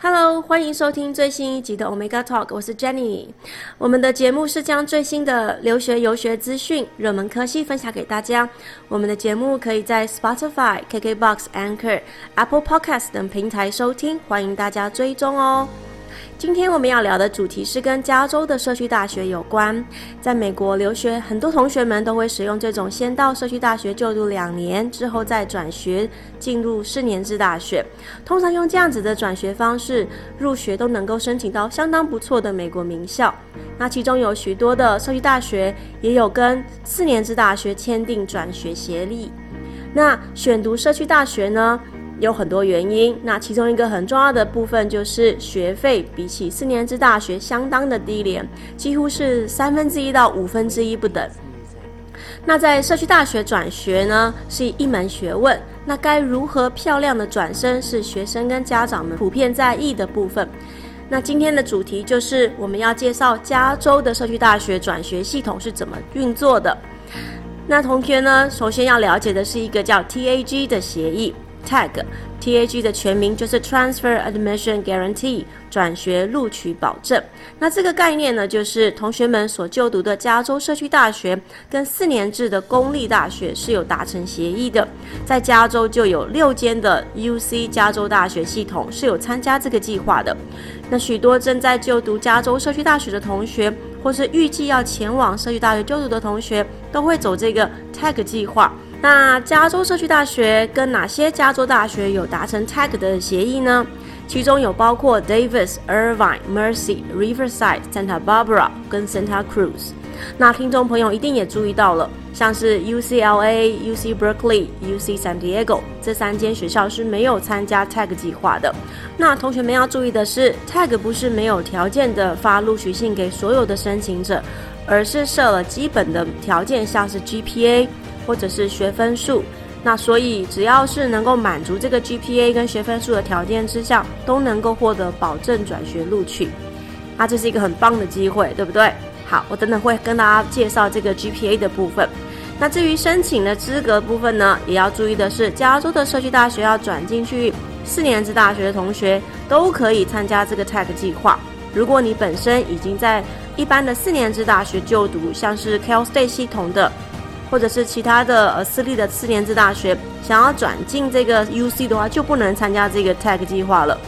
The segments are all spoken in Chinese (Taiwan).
Hello，歡迎收聽最新一集的 Omega Talk，我是 Jenny。我們的節目是將最新的留學遊學資訊、熱門科系分享給大家。我們的節目可以在 Spotify、KKBox、Anchor、Apple Podcast 等平台收聽，歡迎大家追蹤哦。今天我們要聊的主題是跟加州的社區大學有關。在美國留學，很多同學們都會使用這種先到社區大學就讀兩年，之後再轉學進入四年制大學。通常用這樣子的轉學方式入學，都能夠申請到相當不錯的美國名校。那其中有許多的社區大學也有跟四年制大學簽訂轉學協議。那選讀社區大學呢，有很多原因，那其中一個很重要的部分就是學費比起四年制大學相當的低廉，幾乎是三分之一到五分之一不等。那在社區大學轉學呢，是一門學問，那該如何漂亮的轉身是學生跟家長們普遍在意的部分。那今天的主題就是我們要介紹加州的社區大學轉學系統是怎麼運作的。那同學呢，首先要了解的是一個叫 TAG 的協議。TAG，TAG 的全名就是 Transfer Admission Guarantee，轉學錄取保證。那這個概念呢，就是同學們所就讀的加州社區大學跟四年制的公立大學是有達成協議的。在加州就有六間的 UC 加州大學系統是有參加這個計劃的。那許多正在就讀加州社區大學的同學，或是預計要前往社區大學就讀的同學，都會走這個 TAG 計劃。那加州社區大學跟哪些加州大學有達成 TAG 的協議呢？其中有包括 Davis、Irvine、Merced、Riverside、Santa Barbara 跟 Santa Cruz。那聽眾朋友一定也注意到了，像是 UCLA、UC Berkeley、UC San Diego 這三間學校是沒有參加 TAG 計劃的。那同學們要注意的是，TAG 不是沒有條件的發錄取信給所有的申請者，而是設了基本的條件，像是 GPA。或者是學分數，那所以只要是能夠滿足這個 GPA 跟學分數的條件之下，都能夠獲得保證轉學錄取，那這是一個很棒的機會，對不對？好，我等等會跟大家介紹這個 GPA 的部分。那至於申請的資格部分呢，也要注意的是，加州的社區大學要轉進去四年制大學的同學都可以參加這個 TAG 計劃。如果你本身已經在一般的四年制大學就讀，像是 Cal State 系統的。或者是其他的呃私立的四年制大學，想要轉進這個 UC 的話，就不能參加這個 TAG 計劃了。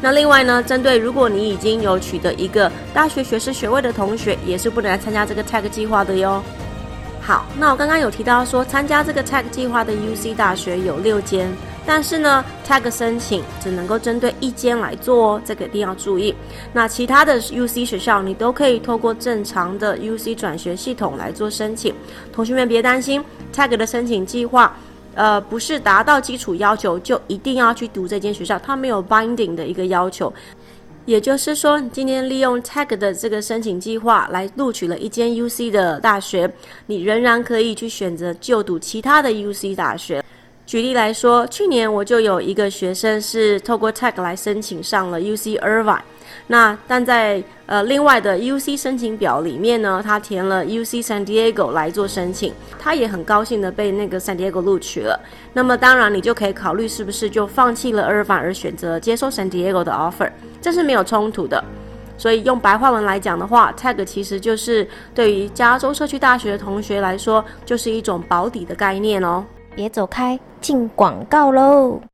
那另外呢，針對如果你已經有取得一個大學學士學位的同學，也是不能來參加這個 TAG 計劃的喲。好，那我剛剛有提到說，參加這個 TAG 計劃的 UC 大學有六間。但是呢，TAG 申請只能夠針對一間來做哦，這個一定要注意。那其他的 UC 學校你都可以透過正常的 UC 轉學系統來做申請。同學們別擔心，TAG 的申請計劃，呃，不是達到基礎要求就一定要去讀這間學校，它沒有 binding 的一個要求。也就是說，今天利用 TAG 的這個申請計劃來錄取了一間 UC 的大學，你仍然可以去選擇就讀其他的 UC 大學。舉例來說，去年我就有一個學生是透過 TAG 來申請上了 UC Irvine，那但在呃另外的 UC 申請表裡面呢，他填了 UC San Diego 來做申請，他也很高興的被那個 San Diego 錄取了。那麼當然，你就可以考慮是不是就放棄了 Irvine 而選擇接收 San Diego 的 offer，這是沒有衝突的。所以用白話文來講的話，TAG 其實就是對於加州社區大學的同學來說，就是一種保底的概念哦。別走開，進廣告嘍！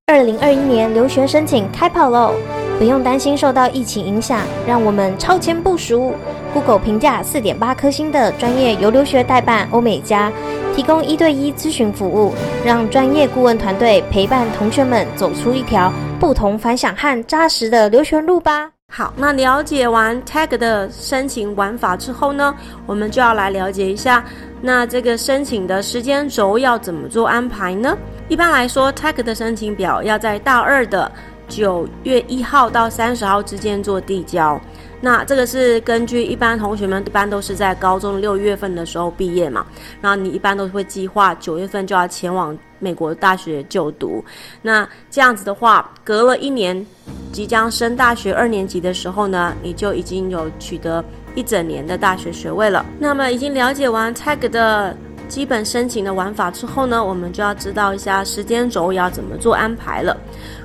二零二一年留學申請開跑嘍，不用擔心受到疫情影響，讓我們超前部署。Google 評價四點八顆星的專業遊留學代辦歐美加，提供一對一諮詢服務，讓專業顧問團隊陪伴同學們走出一條不同凡響和扎實的留學路吧。好，那了解完 TAG 的申請玩法之後呢，我們就要來了解一下，那這個申請的時間軸要怎麼做安排呢？一般來說，TAG 的申請表要在大二的九月一號到三十號之間做遞交。那這個是根據一般同學們一般都是在高中六月份的時候畢業嘛，那你一般都會計劃九月份就要前往。美國大學就讀。那這樣子的話，隔了一年，即將升大學二年級的時候呢，你就已經有取得一整年的大學學位了。那麼已經了解完 TAG 的基本申請的玩法之後呢，我們就要知道一下時間軸要怎麼做安排了。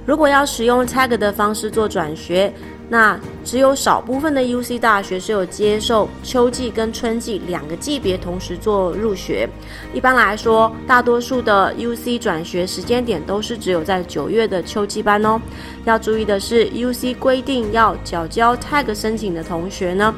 如果要使用 TAG 的方式做轉學，那只有少部分的 UC 大學是有接受秋季跟春季兩個季別同時做入學。一般來說，大多數的 UC 轉學時間點都是只有在九月的秋季班哦。要注意的是，UC 規定要繳交 TAG 申請的同學呢，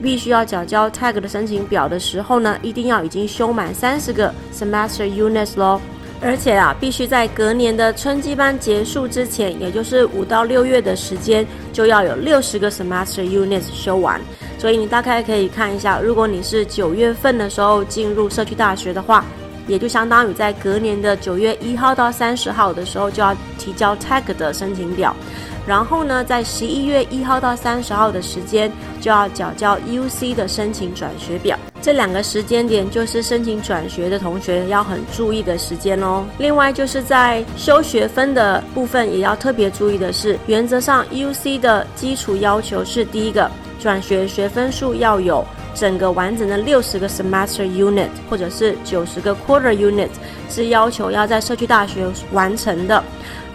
必須要繳交 TAG 的申請表的時候呢，一定要已經修滿三十個 semester units 咯。而且啊，必須在隔年的春季班結束之前，也就是五到六月的時間，就要有六十個 semester units 修完。所以你大概可以看一下，如果你是九月份的時候進入社區大學的話，也就相當於在隔年的九月一號到三十號的時候就要提交 TAG 的申請表。然後呢，在十一月一號到三十號的時間就要繳交 UC 的申請轉學表。這兩個時間點就是申請轉學的同學要很注意的時間哦。另外就是在修學分的部分，也要特別注意的是，原則上 UC 的基礎要求是：第一個，轉學學分數要有整個完整的六十個 semester unit，或者是九十個 quarter unit，是要求要在社區大學完成的。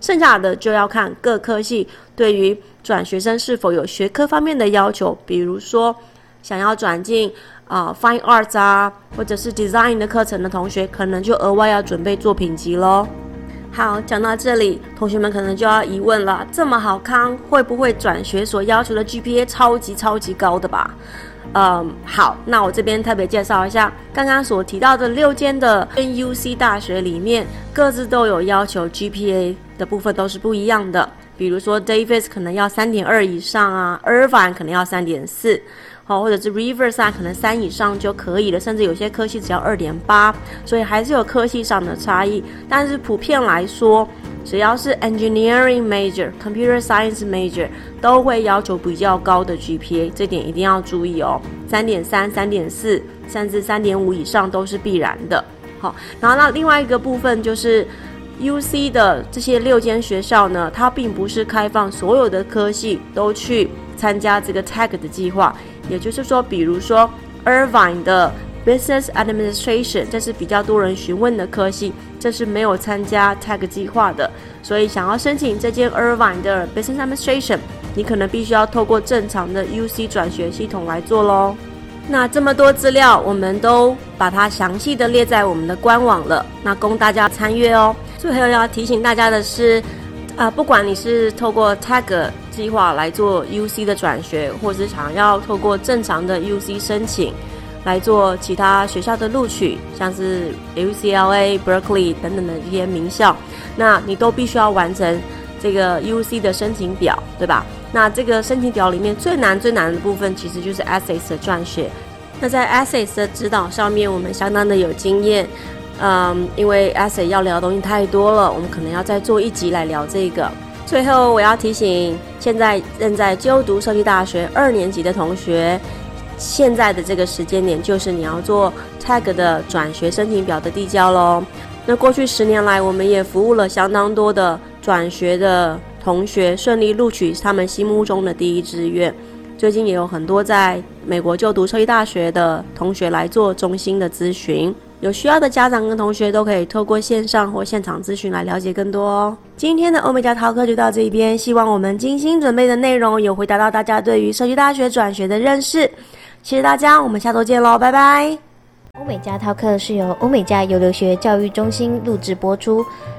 剩下的就要看各科系對於轉學生是否有學科方面的要求，比如說想要轉進啊、呃、Fine Arts 啊或者是 Design 的課程的同學，可能就額外要準備作品集嘍。好，講到這裡，同學們可能就要疑問了：這麼好康，會不會轉學所要求的 GPA 超級超級高的吧？嗯，好，那我這邊特別介紹一下剛剛所提到的六間的 UC 大學裡面，各自都有要求 GPA 的部分都是不一樣的，比如說 Davis 可能要三點二以上啊，Irvine 可能要三點四，好，或者是 Riverside 可能三以上就可以了，甚至有些科系只要二點八，所以還是有科系上的差異。但是普遍來說，只要是 Engineering Major、Computer Science Major 都會要求比較高的 GPA，這點一定要注意哦，三點三、三點四，甚至三點五以上都是必然的。好，然後那另外一個部分就是。UC 的這些六間學校呢，它並不是開放所有的科系都去參加這個 TAG 的計劃，也就是說，比如說 Irvine 的 Business Administration 這是比較多人詢問的科系，這是沒有參加 TAG 計劃的，所以想要申請這間 Irvine 的 Business Administration，你可能必須要透過正常的 UC 轉學系統來做咯。那這麼多資料，我們都把它詳細的列在我們的官網了，那供大家參閱哦。最後要提醒大家的是，啊、呃，不管你是透過 TAG 計劃來做 UC 的轉學，或是想要透過正常的 UC 申請來做其他學校的錄取，像是 UCLA、Berkeley 等等的一些名校，那你都必須要完成這個 UC 的申請表，對吧？那這個申請表裡面最難最難的部分其實就是 Essay 的撰寫。那在 Essay 的指導上面，我們相當的有經驗。嗯，因為 Essay 要聊的東西太多了，我們可能要再做一集來聊這個。最後我要提醒，現在正在就讀社區大學二年級的同學，現在的這個時間點就是你要做 Tag 的轉學申請表的遞交嘍。那過去十年來，我們也服務了相當多的轉學的。同學順利錄取他們心目中的第一志願，最近也有很多在美國就讀社區大學的同學來做中心的諮詢，有需要的家長跟同學都可以透過線上或現場諮詢來了解更多哦。今天的歐美加淘課就到這邊，希望我們精心準備的內容有回答到大家對於社區大學轉學的認識。謝謝大家，我們下週見嘍，拜拜。歐美加淘課是由歐美加遊留學教育中心錄製播出。